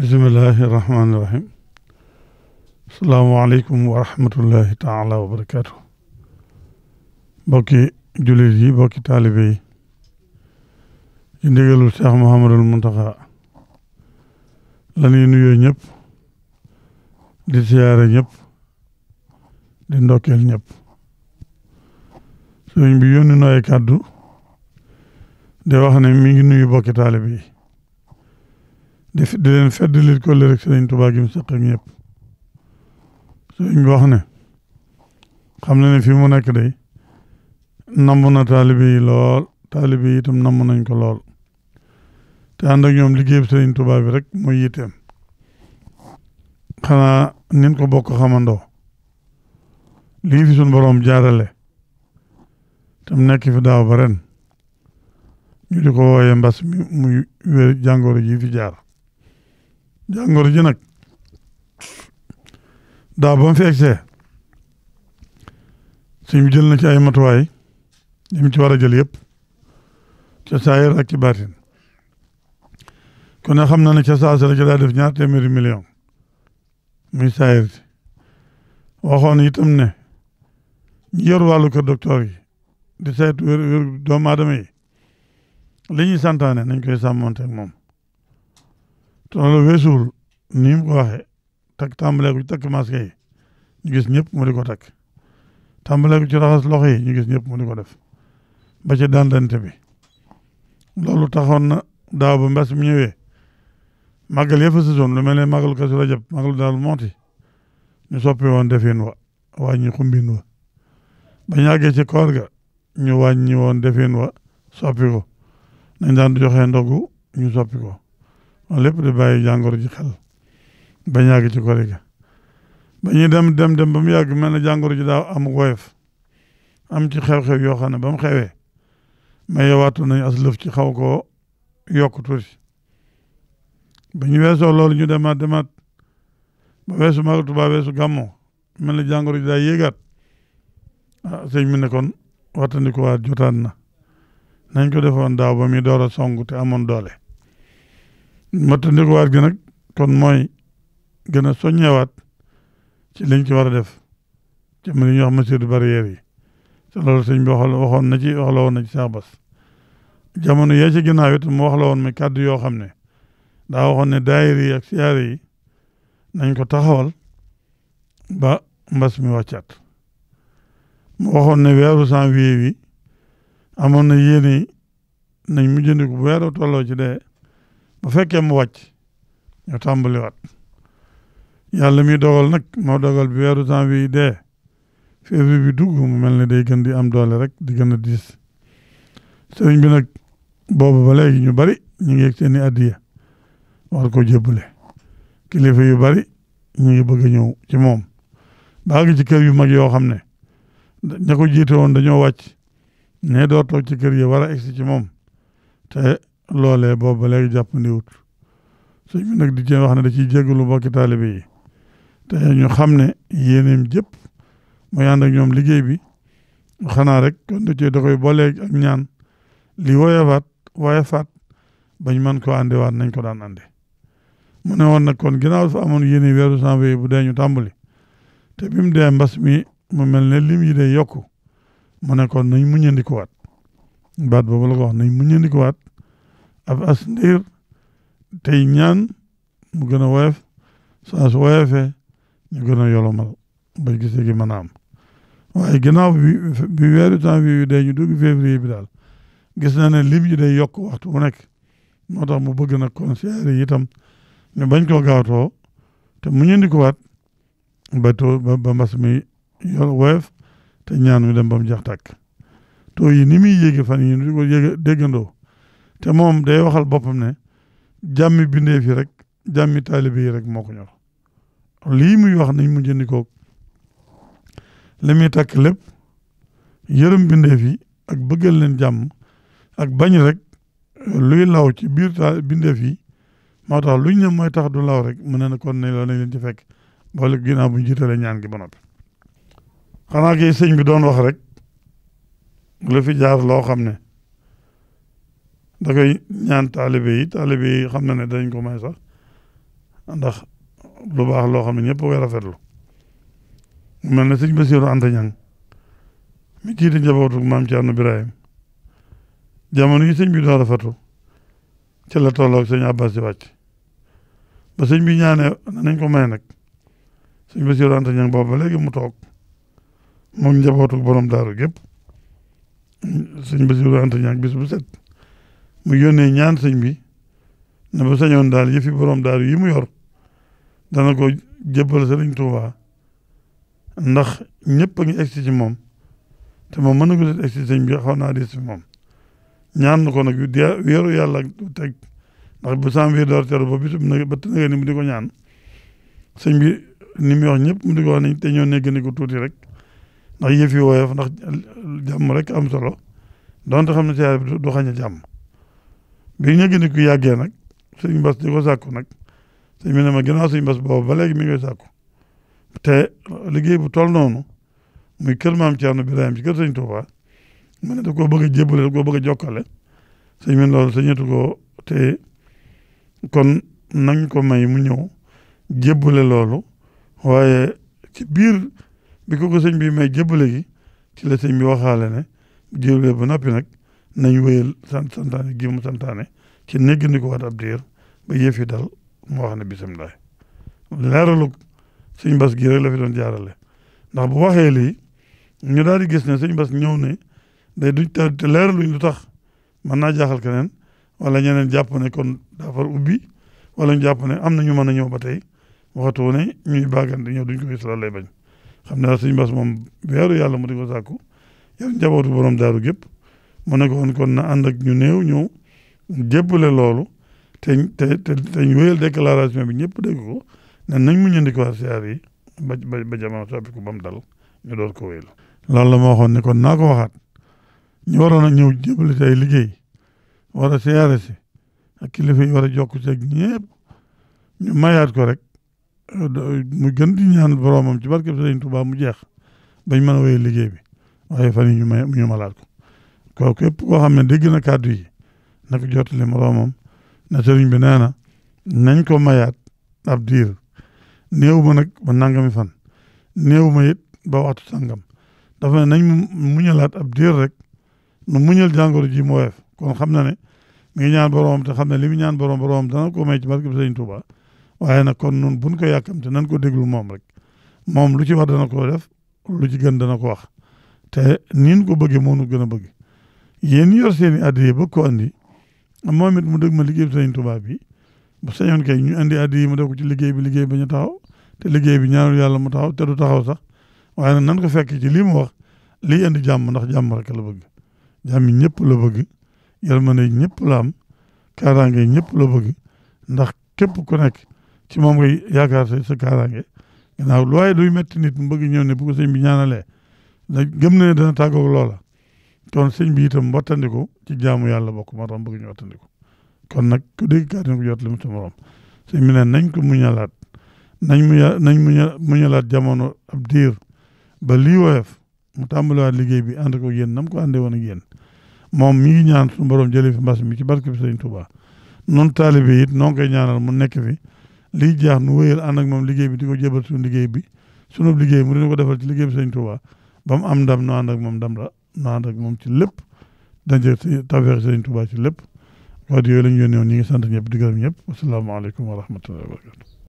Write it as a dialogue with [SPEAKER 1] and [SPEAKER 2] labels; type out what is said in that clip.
[SPEAKER 1] bismillahi rahmaani rahim asalaamaaleykum wa rahmatullahi taala wa barakaatu bokki jullit yi bokki taalibe yi ci ndigalul Cheikh Mouhamadul Muntaxa la ñuy nuyoo ñëpp di siyaare ñëpp di ndokkeel ñëpp sëriñ bi yónni nooy kàddu de wax ne mi ngi nuyu bokki taalibe yi di di leen feddalil ko le rek sëriñ Tuubaa gi mu saq ak ñëpp sëriñ bi wax ne xam na ne fi mu nekk day namm na lool taalibe yi itam namm nañ ko lool te ànd ak ñoom liggéey sëriñ Tuubaa bi rek mooy yitteem xanaa nin ko bokk xamandoo lii fi suñ boroom jaarale tam nekk fi daaw ba ñu di ko wooyee mbas mi muy wér jàngoro ji jaar jàngoro ji nag daa ba mu fi egsee jël na ci ay matuwaay yi mu ci war a jël yëpp ca saayir ak ci baatin kon nag xam na ne ca saasa la ci daa def ñaar téeméeri million muy saayir si waxoon itam ne ñi yor wàllu kër docteur yi di saytu wér wér doomu aadama yi li ñuy santaane nañ koy sàmmonte ak moom toolu weesuwul ni ko waxee takk tàmbalee ko ci takk masque yi gis ñëpp mu di ko takk tàmbalee ko ci raxas loxo yi ñu gis ñëpp mu di ko def ba ci dandante bi loolu taxoon na daaw ba mbas mi ñëwee màggal yëpp lu mel ne màggalu Kazu Rajab màggalu daal monti ñu soppi woon defin wa wàññi xumbin wa ba ñu àggee ci koor ga ñu wàññi woon defin wa soppi ko nañ daan joxe ndogu ñu soppi ko lépp di bàyyi jàngoro ji xel bañ yàgg ci kori ba ñuy dem dem dem ba mu yàgg mel na jàngoro ji daaw am woyof am ci xew-xew yoo xam ne ba mu xewee mais yowaatu nañu as lëf ci xaw koo yokk tuuti ba ñu weesoo loolu ñu demaat demaat ba weesu Magal Tuubaa weesu gàmmo mel na jàngoro ji daa yéegaat ah sëñ mi ne kon wattandikuwaat jotaat na nañ ko defoon daaw ba muy door a song te amoon doole mattandikuwaat gi nag kon mooy gën a soññewaat ci liñ ci war a def ci mu li ñuy wax mesures barrières yi te sëñ bi waxal waxoon na ci wax la woon na ci saabas jamono yee ci ginnaaw it mu wax la woon mi kàddu yoo xam ne daa waxoon ne daayira yi ak siyaare yi nañ ko taxawal ba mbas mi wàccaat ne weeru janvier wi amoon na yéene nañ mujjandiku bu weeru tolloo ci dee bu fekkee mu wàcc ñu tàmbaliwaat yàlla mi dogal nag moo dogal bi weeru temps bi dee février bi dugg mu mel ni day gën di am doole rek di gën a diis sëriñ bi boobu ba léegi ñu bari ñu ngi yegg seeni addiya war ko jébbale kilifa yu bari ñu ngi bëgg ñëw ci moom baa ngi ci kër yu mag yoo xam ne ña ko jiite woon dañoo wàcc ne doo toog ci kër yi war a egsi ci moom te loolee boobu ba léegi jàppandiwut sëñ bi nag di cee wax na da ciy jégalu mbokki taalibe yi te ñu xam ne yéeneem jëpp mooy ànd ak ñoom liggéey bi xanaa rek kon da cee da koy booleeg ak ñaan li woyewaat woyefaat bañ mën koo àndewaat nañ ko daan ànde mu ne woon nag kon ginnaaw dafa amoon yéene weeru janvier bu dee ñu tàmbali te bi mu dee mbas mi mu mel ne lim yi day yokku mu ne kon nañ muñandikuwaat baat boobu la ko wax nañ muñandikuwaat ab as ndiir tey ñaan mu gën a woyof saa su woyofee ñu gën a yolomal ba gisee gi mën a am waaye ginnaaw bi bi weeru janvier bi ñu dugg février bi daal gis na ne lim yi day yokk waxtu bu moo tax mu bëgg nag conseillers yi itam ñu bañ koo gaawtoo te mu ñu ndikuwaat ba too ba mbas mi yor woyof te ñaan mi dem ba mu jeex yi ni muy yéegi fan yi ñu di ko yéeg déggandoo te moom day waxal boppam ne jàmmi bindeef yi rek jàmmi taalibe yi rek moo ko ñor lii muy wax nañ mu jëndikoo li muy takk lépp yërëm bindeef yi ak bëggal leen jàmm ak bañ rek luy law ci biir ta bindeef yi moo tax luñ ne mooy tax du law rek mu ne na kon ne la nañ leen ci fekk boole ginnaaw bu ñu jiitalee ñaan gi ba noppi xanaa kay bi doon wax rek lu fi jaar loo xam ne da koy ñaan taalibe yi taalibe yi xam na ne dañ ko may sax ndax lu baax loo xam ne ñëpp koy rafetlu mel na sëñ Basiru Anta Ñang mi jiite njabootu maam Cerno Birahim jamono yi sëñ bi doon rafetlu ci la tolloog sëñ Abbas di wàcc ba bi ñaanee nañ ko may nag sëñ Basiru Anta Ñang boobu ba léegi mu toog moom njabootu borom daaru gépp sëñ Basiru Anta Ñang bis bu mu yónnee ñaan sëñ bi na ba sañoon daal yëfi boroom daal yi mu yor dana ko jébbal sëriñ Tuuba ndax ñëpp a ngi egsi ci moom te moom mën na ko egsi ci bi xaw naa di ci moom ñaan na ko nag weeru yàlla du teg ndax bu sam wi door teru ba bisub na ba tënga ni mu di ko ñaan sëñ bi ni mu wax ñëpp mu di ko wax nañ teñoon ñoo gëne ko tuuti rek ndax yëfi woyof ndax jàmm rek am solo donte xam ne siyaar bi du xañ a jàmm bi ku yàggee nag sëñ Bass di ko sàkku nag sëñ bi ne ma ginnaaw sëñ Bass boobu ba léegi mi ngi koy te liggéey bu toll noonu muy kër maam Thierno Birahim ci kër sëñ Touba mu ne da koo bëgg a jébbale da koo bëgg a jokkale sëñ bi loolu sëñatu ko te kon nañ ko may mu ñëw jébbale loolu waaye ci biir bi ko ko sëñ bi may jébbale gi ci la sëñ bi waxaale ne jébbale ba noppi nag nañ wéyal sant santaane gi mu santaane ci néggandiku waat ab diir ba yëf dal moo wax ne bisimilah leeralug sëñ bas gii rek la fi doon jaarale ndax bu waxee lii ñu daal di gis ne sëñ bas ñëw ne day duñ te leeraluñ lu tax mën naa jaaxal keneen wala ñeneen jàpp ne kon daa far ubbi wala ñu jàpp ne am na ñu mën a ñëw ba tey waxtu ne ñuy bàggante ñëw duñ ko gis loolu lay bañ xam ne daal sëñ moom weeru yàlla mu di ko borom daaru gépp mu ne ko woon kon na ànd ak ñu néew ñëw jébbale loolu te te te teñ wéyal déclaration bi ñëpp dégg ko ne nañ mu ñëndikuwaat siyaar yi ba ba jamono soppiku ba mu dal ñu ko wéyal loolu la ma waxoon ne kon naa ko waxaat ñu waroon a ñëw jébbale si ay liggéey war a siyaare si ak kilifa yi war a jokk ci ak ko rek mu gën di ñaan boromam ci barkeb Sëriñ Tuubaa mu jeex bañ mën a wéyal liggéey bi waaye fan yi ñu may ñu malaat ko kooku képp koo xam ne dégg na kàddu yi na ko jottali moroomam na sëriñ bi nee na nañ ko mayaat ab diir néew ma nag ba nangami fan néew ma it ba waxtu sangam dafa ne nañ muñalaat ab diir rek nu muñal jàngoro ji mu woyof kon xam na ne mi ngi ñaan boroom te xam ne li mu ñaan boroom boroom dana ko may ci barke bi ba Tuuba waaye nag kon nun buñ ko yàkkamte nañ ko déglu moom rek moom lu ci war dana ko def lu ci gën dana ko wax te nin ko bëggee moonu gën a bëgg yéen yor seen i addiya ba ko andi moom it mu dëgg ma liggée bi sëñ Tuubaa bi bu sañoon kay ñu andi addiya ma def ko ci liggéey bi liggéey ba ñu taxaw te liggéey bi ñaanul yàlla mu taxaw te du taxaw sax waaye nag nan ko fekk ci lii mu wax lii andi jàmm ndax jàmm rek la bëgg jàmm yi ñëpp la bëgg yërmande ñëpp la am kaaraange ñëpp la bëgg ndax képp ku nekk ci moom yaakaar sa sa kaaraange gannaaw lu waaye duy metti nit mu bëgg ñëw ne bu ko sëñ bi ñaanalee gëm na ne dana tàggoog loola kon sëñ bi itam wattandiku ci jaamu yàlla bokk moo tax bëgg ñu wattandiku kon nag ku dégg kàddu ko jot li mu sa morom sëñ ne nañ ko muñalaat nañ mu nañ muñalaat jamono ab diir ba lii woyof mu tàmbaliwaat liggéey bi ànd ko yéen nam ko àndee woon ak moom mi ngi ñaan suñu borom jëlee fi mbas mi ci barke bi sëñ Touba noonu taalibe it noo ngi koy ñaanal mu nekk fi lii jaax nu wéyal ànd ak moom liggéey bi di ko jébal suñu liggéey bi sunu liggéey mu dina ko defal ci liggéey bi sëñ Touba ba mu am ndam nu ànd ak moom ndam la nu ànd moom ci lépp daje tawfeex Sëriñ Tuubaa ci lépp wax dëgg yooyu la ñu yónnee woon ñu ngi sant ñëpp di gërëm ñëpp asalaamaaleykum wa rahmatullahi wa